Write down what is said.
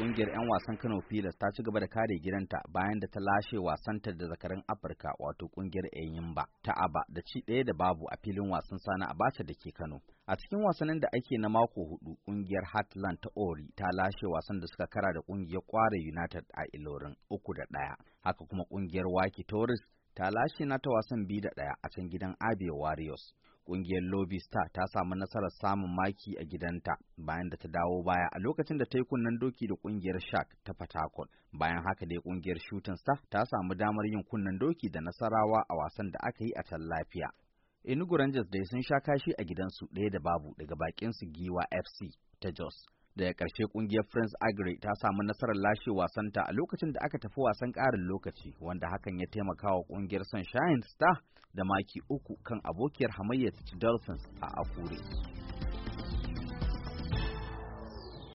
kungiyar 'yan wasan Kano Pilas ta ci gaba da kare gidanta bayan da ta lashe wasanta da zakarin Afirka wato kungiyar Eyimba ta Aba da ci ɗaya da babu a filin wasan Sani Abacha da ke Kano. A cikin wasannin da ake na mako hudu kungiyar Heartland ta Ori ta lashe wasan da suka kara da kungiyar Kware United a Ilorin uku da ɗaya. Haka kuma kungiyar Waki Tourist ta lashe na ta wasan biyu da ɗaya a can gidan Abia Warriors. Ƙungiyar Lobby Star ta samu nasarar samun maki a gidanta bayan da ta dawo baya a lokacin da ta yi kunnen doki da ƙungiyar Shark ta Fatakon. Bayan haka dai ƙungiyar Shooting Star ta samu damar yin kunnen doki da nasarawa a wasan da aka yi a can lafiya. Enugu Rangers dai sun sha kashi a gidansu ɗaya da babu daga bakinsu Giwa FC ta Jos. daga ƙarshe ƙungiyar france agri ta samu nasarar lashe wasanta a lokacin da aka tafi wasan ƙarin lokaci wanda hakan ya taimaka wa ƙungiyar sunshine star da maki uku kan abokiyar hamayyar dolphins a akure